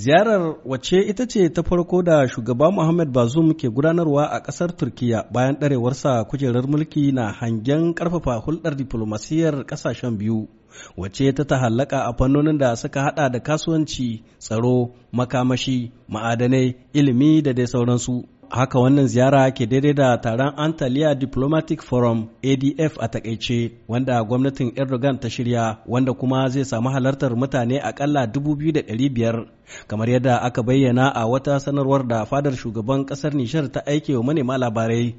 Ziyarar wace ita ce ta farko da shugaba Muhammad bazum ke gudanarwa a ƙasar Turkiya bayan ɗarewarsa kujerar mulki na hangen ƙarfafa hulɗar diflomasiyyar ƙasashen biyu, wace ta tahallaka a fannonin da suka haɗa da kasuwanci, tsaro, makamashi, ma'adanai, ilimi da dai sauransu. haka wannan ziyara ke daidai da taron Antalya Diplomatic Forum ADF a takaice wanda gwamnatin Erdogan ta shirya wanda kuma zai samu halartar mutane akalla biyar kamar yadda aka bayyana a wata sanarwar da fadar shugaban kasar Nishar ta aike wa manema labarai.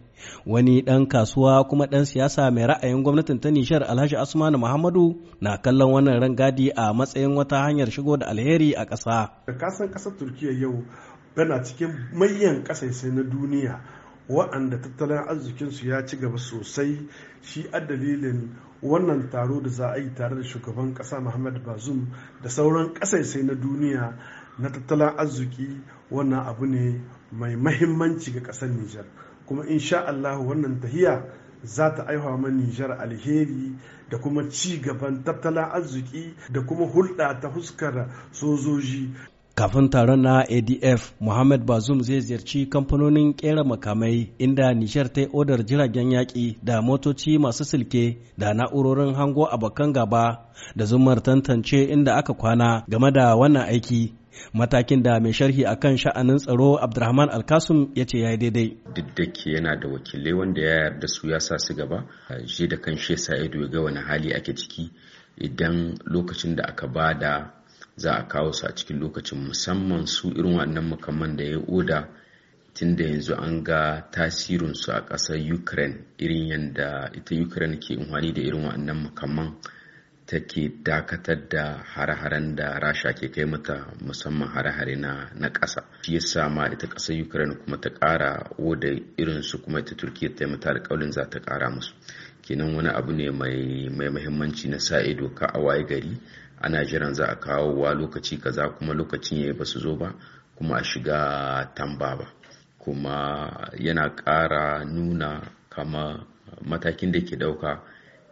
Wani ɗan kasuwa kuma ɗan siyasa mai ra'ayin gwamnatin ta Nishar Alhaji Asmanu Muhammadu na kallon wannan rangadi a matsayin wata hanyar shigo da alheri a ƙasa. Kasan ƙasar Turkiyya yau yana cikin mayan ƙasashe na duniya waɗanda tattalin arzikinsu ya ci gaba sosai shi a dalilin wannan taro da za a yi tare da shugaban ƙasa muhammad bazum da sauran ƙasashe na duniya na tattalin arziki wannan abu ne mai mahimmanci ga ƙasar nijar kuma insha Allah wannan tahiya za ta aihuwa ma nijar alheri da kuma ci gaban tattalin arziki da kuma hulɗa ta huskar sojoji Kafin taron na ADF, Muhammad Bazoum zai ziyarci kamfanonin kera makamai inda Nishar ta odar jiragen yaƙi da motoci masu silke da na'urorin hango a bakan gaba da zumar tantance inda aka kwana game da wannan aiki. Matakin da mai sharhi a kan sha'anin tsaro Abdurahman Alkasum ya ce ya yi daidai. Duk da ke yana da wakilai wanda ya yarda su ya sa su gaba, shi da kan shi ya sa ido ya ga wani hali ake ciki idan lokacin da aka ba da za a kawo su a cikin lokacin musamman su irin waɗannan makaman da ya oda tunda yanzu an ga tasirinsu a ƙasar ukraine irin yadda ita ukraine ke inwani da irin waɗannan makaman take dakatar da hare-haren da rasha ke kai mata musamman hare-hare na ƙasa shi yasa ma ita ƙasar ukraine kuma ta ƙara oda irinsu kuma ita turkiya ta yi mata alƙawalin za ta ƙara musu kenan wani abu ne mai mahimmanci na sa ido ka a waye gari ana jiran za a kawo wa lokaci kaza kuma lokacin yayi ba su zo ba kuma a shiga tamba ba kuma yana ƙara nuna kama matakin da ke ɗauka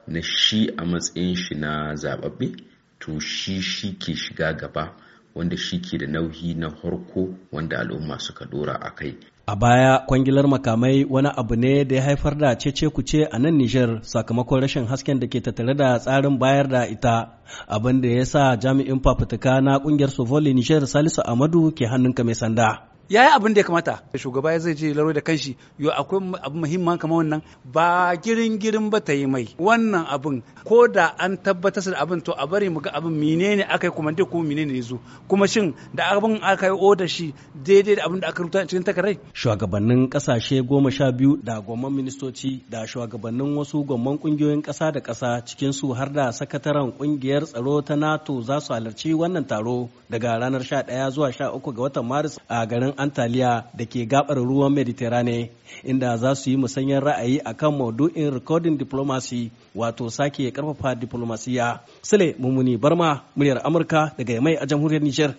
na shi a matsayin shi na zababbe? to shi shi ke shiga gaba wanda shi ke da nauyi na harko wanda al'umma suka dora a kai. A baya kwangilar makamai wani abu ne da ya haifar da cece kuce a nan Nijar sakamakon rashin hasken da ke tattare da tsarin bayar da ita abin da ya sa jami'in fafutuka na kungiyar Sovoli Nijar Salisu Amadu ke hannunka mai sanda. ya yi abin da ya kamata shugaba zai je laro da kanshi yo akwai abu muhimman kamar wannan ba girin girin ba ta yi mai wannan abin ko da an tabbatar da abin to a bari mu ga abin menene aka yi kuma ko menene ya zo kuma shin da abin aka yi oda shi daidai da abin da aka rubuta cikin takarai shugabannin kasashe goma sha biyu da gwamnan ministoci da shugabannin wasu gwamnan kungiyoyin kasa da kasa cikin su har da sakataren kungiyar tsaro ta nato za su halarci wannan taro daga ranar 11 zuwa 13 ga watan maris a garin Antaliya da ke gabar ruwan Mediterane inda za su yi musanyar ra'ayi a akan maudu'in recording diplomacy wato sake karfafa diplomasiya. Sule Mumuni Barma muryar Amurka daga mai a jamhuriyar Nijar.